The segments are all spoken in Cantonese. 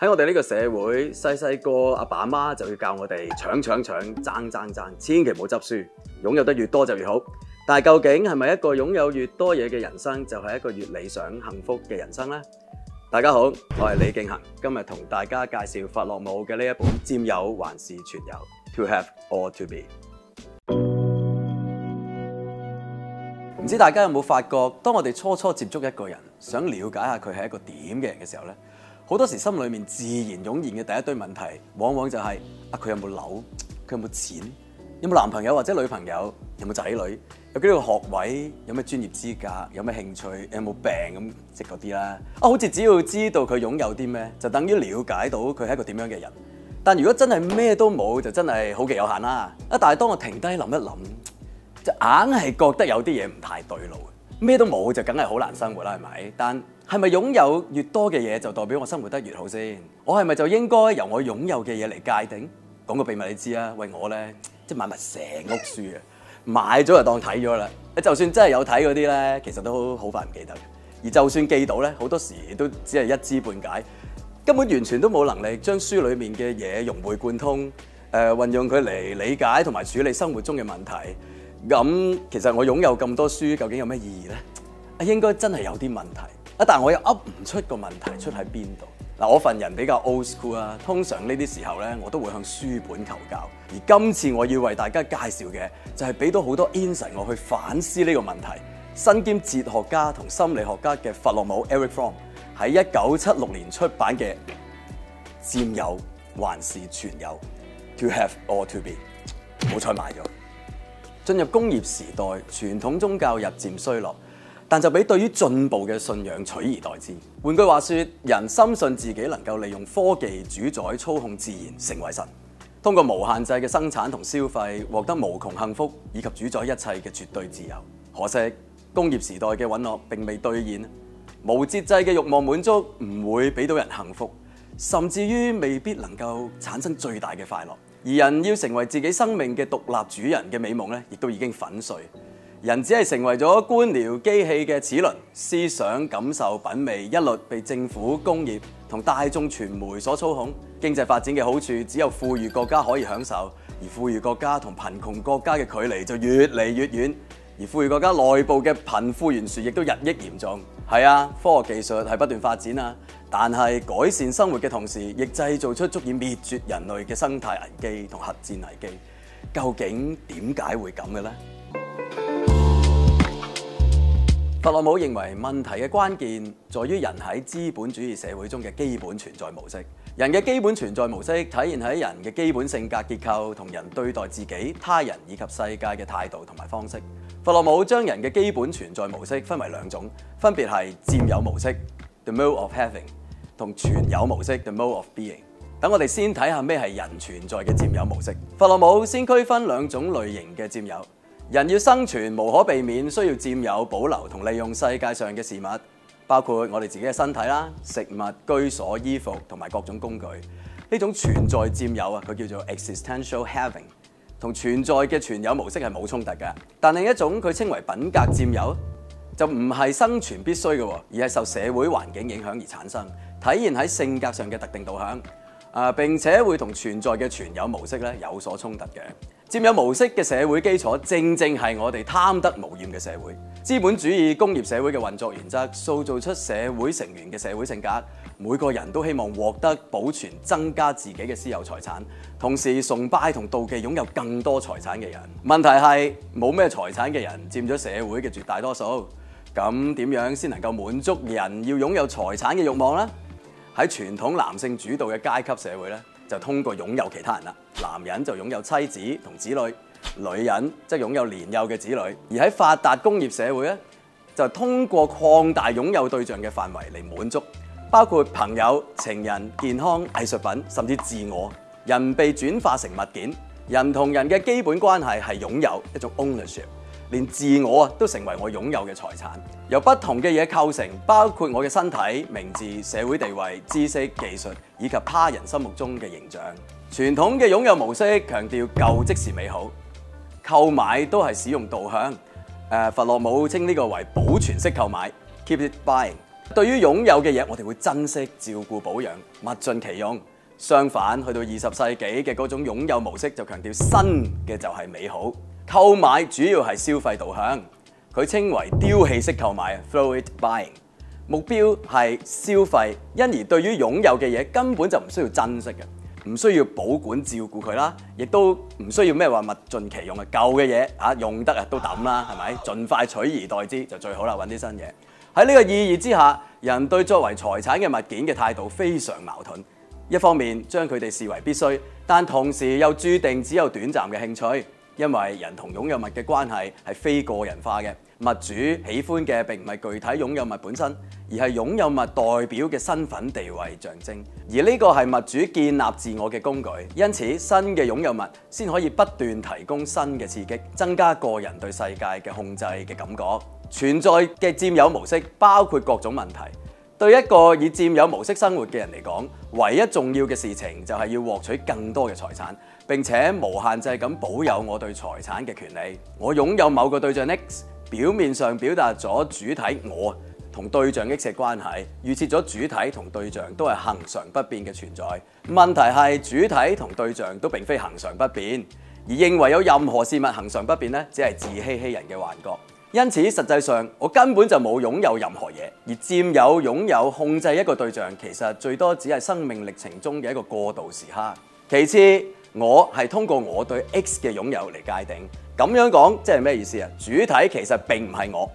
喺我哋呢個社會，細細個阿爸阿媽就要教我哋搶搶搶、爭爭爭，千祈唔好執輸，擁有得越多就越好。但係究竟係咪一個擁有越多嘢嘅人生，就係一個越理想、幸福嘅人生呢？大家好，我係李敬恒，今日同大家介紹弗洛姆嘅呢一本《佔有還是存有》（To Have or To Be）。唔知大家有冇發覺，當我哋初初接觸一個人，想了解下佢係一個點嘅人嘅時候呢，好多時心裏面自然湧現嘅第一堆問題，往往就係、是：啊佢有冇樓？佢有冇錢？有冇男朋友或者女朋友？有冇仔女？有幾多個學位？有咩專業資格？有咩興趣？有冇病咁？即嗰啲啦。啊，好似只要知道佢擁有啲咩，就等於了解到佢係一個點樣嘅人。但如果真係咩都冇，就真係好極有限啦。啊，但係當我停低諗一諗，就硬係覺得有啲嘢唔太對路。咩都冇就梗係好難生活啦，係咪？但係咪擁有越多嘅嘢就代表我生活得越好先？我係咪就應該由我擁有嘅嘢嚟界定？講個秘密你知啊，喂，我呢，即係買埋成屋書啊！買咗就當睇咗啦。就算真係有睇嗰啲呢，其實都好快唔記得。而就算記到呢，好多時都只係一知半解，根本完全都冇能力將書裡面嘅嘢融會貫通。誒、呃，運用佢嚟理解同埋處理生活中嘅問題。咁、嗯、其實我擁有咁多書，究竟有咩意義呢？應該真係有啲問題。但我又噏唔出個問題出喺邊度？嗱，我份人比較 old school 啊，通常呢啲時候呢，我都會向書本求教。而今次我要為大家介紹嘅，就係俾到好多 inspire 我去反思呢個問題。身兼哲學家同心理學家嘅弗洛姆 （Erich Fromm） 喺一九七六年出版嘅《佔有還是存有：To Have or To Be》，好彩買咗。進入工業時代，傳統宗教日漸衰落。但就俾對於進步嘅信仰取而代之。換句話說，人深信自己能夠利用科技主宰操控自然，成為神，通過無限制嘅生產同消費，獲得無窮幸福，以及主宰一切嘅絕對自由。可惜工業時代嘅允諾並未兌現，無節制嘅慾望滿足唔會俾到人幸福，甚至於未必能夠產生最大嘅快樂。而人要成為自己生命嘅獨立主人嘅美夢咧，亦都已經粉碎。人只係成為咗官僚機器嘅齒輪，思想、感受、品味一律被政府、工業同大眾傳媒所操控。經濟發展嘅好處只有富裕國家可以享受，而富裕國家同貧窮國家嘅距離就越嚟越遠，而富裕國家內部嘅貧富懸殊亦都日益嚴重。係啊，科學技術係不斷發展啊，但係改善生活嘅同時，亦製造出足以滅絕人類嘅生態危機同核戰危機。究竟點解會咁嘅呢？弗洛姆認為問題嘅關鍵在於人喺資本主義社會中嘅基本存在模式。人嘅基本存在模式體現喺人嘅基本性格結構同人對待自己、他人以及世界嘅態度同埋方式。弗洛姆將人嘅基本存在模式分為兩種，分別係佔有模式 （the mode of having） 同存有模式 （the mode of being）。等我哋先睇下咩係人存在嘅佔有模式。弗洛姆先區分兩種類型嘅佔有。人要生存，無可避免需要佔有、保留同利用世界上嘅事物，包括我哋自己嘅身體啦、食物、居所、衣服同埋各種工具。呢種存在佔有啊，佢叫做 existential having，同存在嘅存有模式係冇衝突嘅。但另一種佢稱為品格佔有，就唔係生存必須嘅，而係受社會環境影響而產生，體現喺性格上嘅特定導向啊，並且會同存在嘅存有模式咧有所衝突嘅。佔有模式嘅社會基礎，正正係我哋貪得無厭嘅社會。資本主義工業社會嘅運作原則，塑造出社會成員嘅社會性格。每個人都希望獲得、保存、增加自己嘅私有財產，同時崇拜同妒忌擁有更多財產嘅人。問題係，冇咩財產嘅人佔咗社會嘅絕大多數。咁點樣先能夠滿足人要擁有財產嘅慾望呢？喺傳統男性主導嘅階級社會呢，就通過擁有其他人啦，男人就擁有妻子同子女，女人即擁有年幼嘅子女。而喺發達工業社會咧，就通過擴大擁有對象嘅範圍嚟滿足，包括朋友、情人、健康、藝術品，甚至自我。人被轉化成物件，人同人嘅基本關係係擁有一種 ownership。連自我都成為我擁有嘅財產，由不同嘅嘢構成，包括我嘅身體、名字、社會地位、知識、技術以及他人心目中嘅形象。傳統嘅擁有模式強調舊即是美好，購買都係使用導向。誒，弗洛姆稱呢個為保存式購買 （Keep it buying）。對於擁有嘅嘢，我哋會珍惜、照顧、保養、物盡其用。相反，去到二十世紀嘅嗰種擁有模式就強調新嘅就係美好。購買主要係消費導向，佢稱為丟棄式購買 f l r o w it by）。目標係消費，因而對於擁有嘅嘢根本就唔需要珍惜嘅，唔需要保管照顧佢啦，亦都唔需要咩話物盡其用嘅舊嘅嘢嚇用得啊都抌啦，係咪？盡快取而代之就最好啦，揾啲新嘢喺呢個意義之下，人對作為財產嘅物件嘅態度非常矛盾。一方面將佢哋視為必需，但同時又註定只有短暫嘅興趣。因為人同擁有物嘅關係係非個人化嘅，物主喜歡嘅並唔係具體擁有物本身，而係擁有物代表嘅身份地位象徵，而呢個係物主建立自我嘅工具。因此，新嘅擁有物先可以不斷提供新嘅刺激，增加個人對世界嘅控制嘅感覺。存在嘅佔有模式包括各種問題。對一個以佔有模式生活嘅人嚟講，唯一重要嘅事情就係要獲取更多嘅財產，並且無限制咁保有我對財產嘅權利。我擁有某個對象 X，表面上表達咗主體我同對象 X 嘅關係，預設咗主體同對象都係恒常不變嘅存在。問題係主體同對象都並非恒常不變，而認為有任何事物恒常不變呢，只係自欺欺人嘅幻覺。因此，實際上我根本就冇擁有任何嘢，而佔有、擁有、控制一個對象，其實最多只係生命歷程中嘅一個過渡時刻。其次，我係通過我對 X 嘅擁有嚟界定。咁樣講，即係咩意思啊？主體其實並唔係我，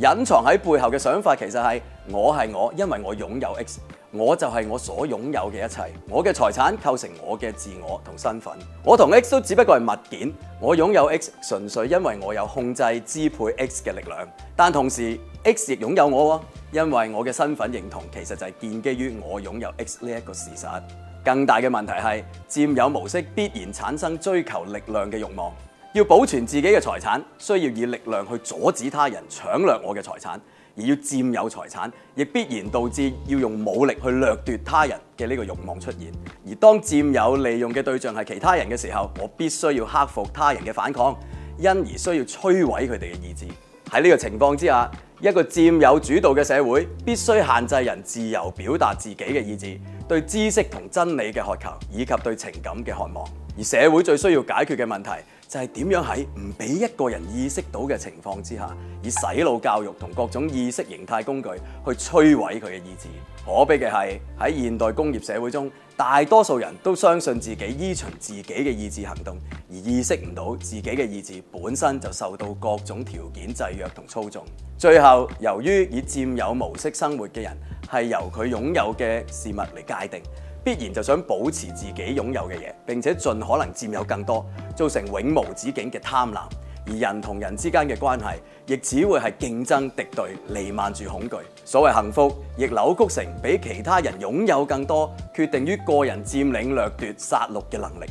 隱藏喺背後嘅想法其實係我係我，因為我擁有 X。我就係我所擁有嘅一切，我嘅財產構成我嘅自我同身份。我同 X 都只不過係物件，我擁有 X 純粹因為我有控制支配 X 嘅力量。但同時，X 亦擁有我，因為我嘅身份認同其實就係建基於我擁有 X 呢一個事實。更大嘅問題係，佔有模式必然產生追求力量嘅慾望，要保存自己嘅財產，需要以力量去阻止他人搶掠我嘅財產。而要佔有財產，亦必然導致要用武力去掠奪他人嘅呢個慾望出現。而當佔有利用嘅對象係其他人嘅時候，我必須要克服他人嘅反抗，因而需要摧毀佢哋嘅意志。喺呢個情況之下，一個佔有主導嘅社會必須限制人自由表達自己嘅意志，對知識同真理嘅渴求，以及對情感嘅渴望。而社會最需要解決嘅問題，就係點樣喺唔俾一個人意識到嘅情況之下，以洗腦教育同各種意識形態工具去摧毀佢嘅意志。可悲嘅係，喺現代工業社會中，大多數人都相信自己依循自己嘅意志行動，而意識唔到自己嘅意志本身就受到各種條件制約同操縱。最後，由於以佔有模式生活嘅人係由佢擁有嘅事物嚟界定。必然就想保持自己擁有嘅嘢，並且盡可能佔有更多，造成永無止境嘅貪婪。而人同人之間嘅關係亦只會係競爭敵對，彌漫住恐懼，所謂幸福，亦扭曲成比其他人擁有更多，決定於個人佔領掠奪殺戮嘅能力。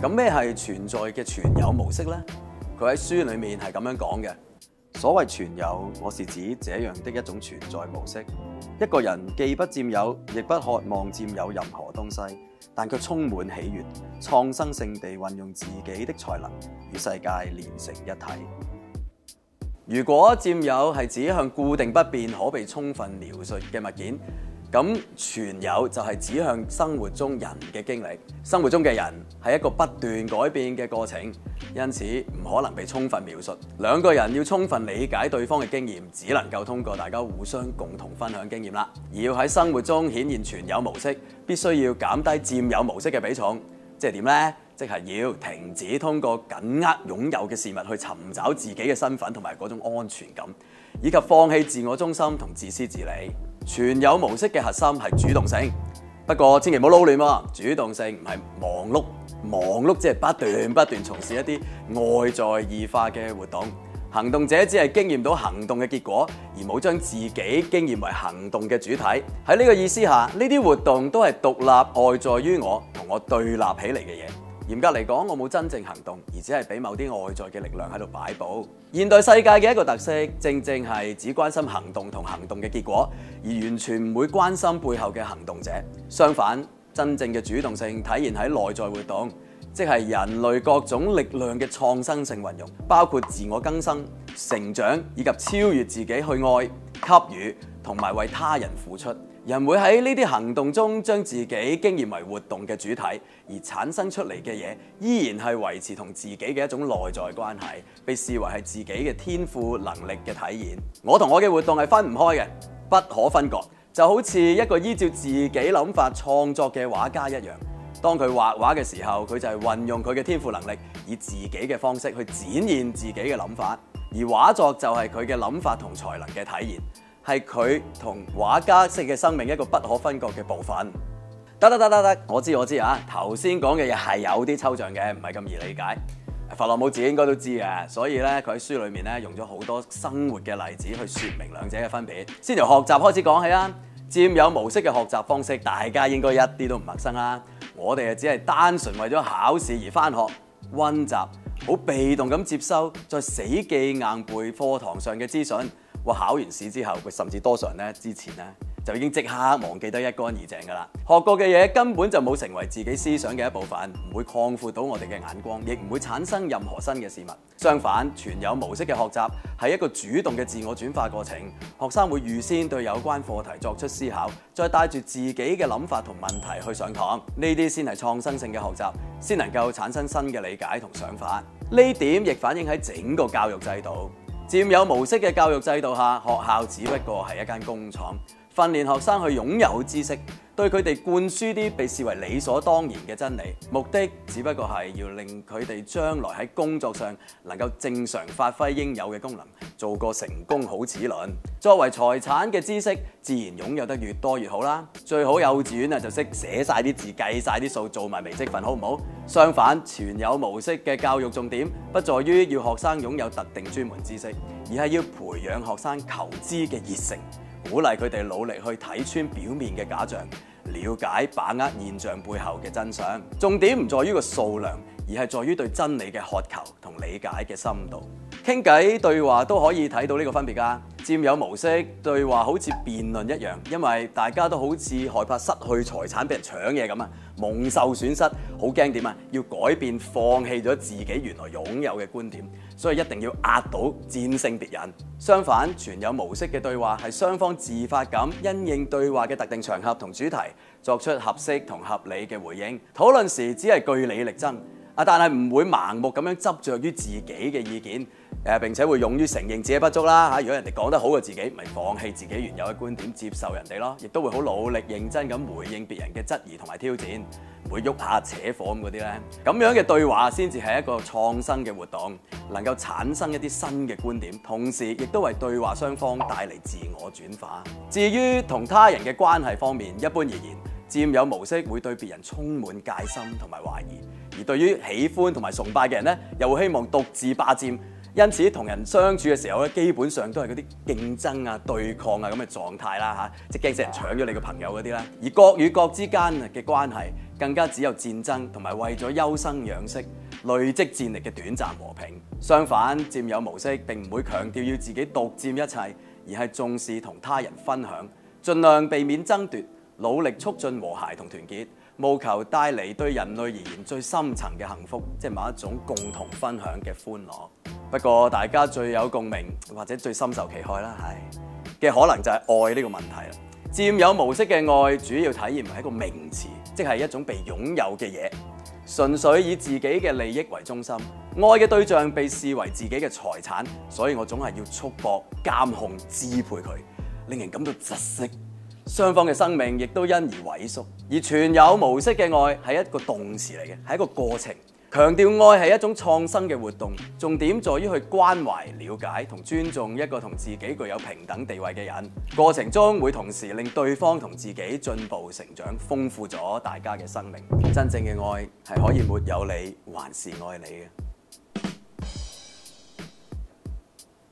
咁咩係存在嘅存有模式咧？佢喺書裏面係咁樣講嘅。所謂存有，我是指這樣的一種存在模式。一個人既不佔有，亦不渴望佔有任何東西，但卻充滿喜悅，創生性地運用自己的才能與世界連成一體。如果佔有係指向固定不變、可被充分描述嘅物件，咁存有就係指向生活中人嘅經歷。生活中嘅人係一個不斷改變嘅過程。因此唔可能被充分描述。兩個人要充分理解對方嘅經驗，只能夠通過大家互相共同分享經驗啦。而要喺生活中顯現存有模式，必須要減低佔有模式嘅比重。即係點呢？即係要停止通過緊握擁有嘅事物去尋找自己嘅身份同埋嗰種安全感，以及放棄自我中心同自私自利。存有模式嘅核心係主動性，不過千祈唔好撈亂喎。主動性唔係忙碌。忙碌即係不斷不斷從事一啲外在異化嘅活動，行動者只係經驗到行動嘅結果，而冇將自己經驗為行動嘅主體。喺呢個意思下，呢啲活動都係獨立外在於我同我對立起嚟嘅嘢。嚴格嚟講，我冇真正行動，而只係俾某啲外在嘅力量喺度擺佈。現代世界嘅一個特色，正正係只關心行動同行動嘅結果，而完全唔會關心背後嘅行動者。相反。真正嘅主動性體現喺內在活動，即係人類各種力量嘅創生性運用，包括自我更生、成長以及超越自己去愛、給予同埋為他人付出。人會喺呢啲行動中將自己經驗為活動嘅主體，而產生出嚟嘅嘢依然係維持同自己嘅一種內在關係，被視為係自己嘅天賦能力嘅體現。我同我嘅活動係分唔開嘅，不可分割。就好似一個依照自己諗法創作嘅畫家一樣，當佢畫畫嘅時候，佢就係運用佢嘅天賦能力，以自己嘅方式去展現自己嘅諗法，而畫作就係佢嘅諗法同才能嘅體現，係佢同畫家式嘅生命一個不可分割嘅部分。得得得得得，我知我知啊，頭先講嘅嘢係有啲抽象嘅，唔係咁易理解。弗洛姆自己應該都知嘅，所以咧佢喺書裏面咧用咗好多生活嘅例子去說明兩者嘅分別。先由學習開始講起啦，佔有模式嘅學習方式，大家應該一啲都唔陌生啦。我哋就只係單純為咗考試而返學、温習，好被動咁接收，再死記硬背課堂上嘅資訊。我考完試之後，佢甚至多數人咧之前咧。就已經即刻忘記得一乾二淨㗎啦！學過嘅嘢根本就冇成為自己思想嘅一部分，唔會擴闊到我哋嘅眼光，亦唔會產生任何新嘅事物。相反，存有模式嘅學習係一個主動嘅自我轉化過程。學生會預先對有關課題作出思考，再帶住自己嘅諗法同問題去上堂。呢啲先係創新性嘅學習，先能夠產生新嘅理解同想法。呢點亦反映喺整個教育制度。佔有模式嘅教育制度下，學校只不過係一間工廠。訓練學生去擁有知識，對佢哋灌輸啲被視為理所當然嘅真理，目的只不過係要令佢哋將來喺工作上能夠正常發揮應有嘅功能，做個成功好齒輪。作為財產嘅知識，自然擁有得越多越好啦。最好幼稚園啊就識寫晒啲字、計晒啲數、做埋微積分，好唔好？相反，存有模式嘅教育重點不在於要學生擁有特定專門知識，而係要培養學生求知嘅熱誠。鼓勵佢哋努力去睇穿表面嘅假象，了解把握現象背後嘅真相。重點唔在於個數量。而係在於對真理嘅渴求同理解嘅深度。傾偈對話都可以睇到呢個分別啊。佔有模式對話好似辯論一樣，因為大家都好似害怕失去財產俾人搶嘢咁啊，蒙受損失，好驚點啊？要改變放棄咗自己原來擁有嘅觀點，所以一定要壓倒戰勝別人。相反，存有模式嘅對話係雙方自發咁因應對話嘅特定場合同主題作出合適同合理嘅回應。討論時只係據理力爭。啊！但係唔會盲目咁樣執着於自己嘅意見，誒並且會勇於承認自己不足啦。嚇，如果人哋講得好過自己，咪放棄自己原有嘅觀點，接受人哋咯。亦都會好努力、認真咁回應別人嘅質疑同埋挑戰，唔會喐下扯火咁嗰啲呢，咁樣嘅對話先至係一個創新嘅活動，能夠產生一啲新嘅觀點，同時亦都為對話雙方帶嚟自我轉化。至於同他人嘅關係方面，一般而言，佔有模式會對別人充滿戒心同埋懷疑。而對於喜歡同埋崇拜嘅人呢，又會希望獨自霸佔，因此同人相處嘅時候咧，基本上都係嗰啲競爭啊、對抗啊咁嘅狀態啦嚇，啊，即驚啲人搶咗你嘅朋友嗰啲啦。而國與國之間嘅關係更加只有戰爭，同埋為咗休生養息、累積戰力嘅短暫和平。相反，佔有模式並唔會強調要自己獨佔一切，而係重視同他人分享，盡量避免爭奪，努力促進和諧同團結。務求帶嚟對人類而言最深層嘅幸福，即係某一種共同分享嘅歡樂。不過大家最有共鳴或者最深受其害啦，係嘅可能就係愛呢個問題啦。佔有模式嘅愛主要體現為一個名詞，即係一種被擁有嘅嘢。純粹以自己嘅利益為中心，愛嘅對象被視為自己嘅財產，所以我總係要束縛、監控、支配佢，令人感到窒息。雙方嘅生命亦都因而萎縮，而存有模式嘅愛係一個動詞嚟嘅，係一個過程，強調愛係一種創新嘅活動，重點在於去關懷、了解同尊重一個同自己具有平等地位嘅人，過程中會同時令對方同自己進步成長，豐富咗大家嘅生命。真正嘅愛係可以沒有你，還是愛你嘅。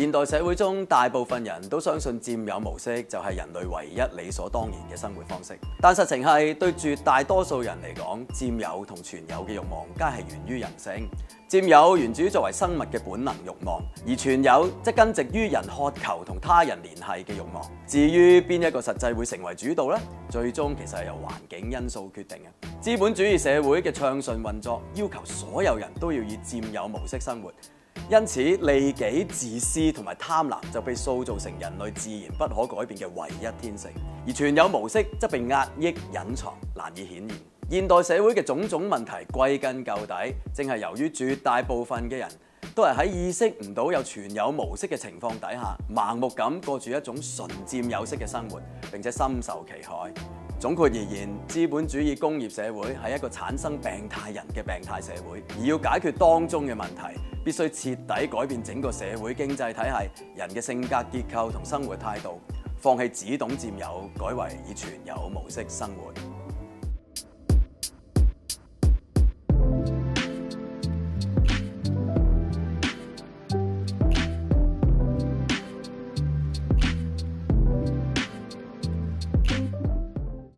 現代社會中，大部分人都相信佔有模式就係人類唯一理所當然嘅生活方式。但實情係，對絕大多數人嚟講，佔有同存有嘅欲望皆係源於人性。佔有源自於作為生物嘅本能欲望，而存有則根植於人渴求同他人聯繫嘅欲望。至於邊一個實際會成為主導呢？最終其實係由環境因素決定嘅。資本主義社會嘅暢順運作要求所有人都要以佔有模式生活。因此，利己、自私同埋貪婪就被塑造成人類自然不可改變嘅唯一天性，而存有模式則被壓抑、隱藏，難以顯現。現代社會嘅種種問題歸根究底，正係由於絕大部分嘅人都係喺意識唔到有存有模式嘅情況底下，盲目咁過住一種純佔有式嘅生活，並且深受其害。總括而言，資本主義工業社會係一個產生病態人嘅病態社會，而要解決當中嘅問題，必須徹底改變整個社會經濟體系、人嘅性格結構同生活態度，放棄只懂佔有，改為以存有模式生活。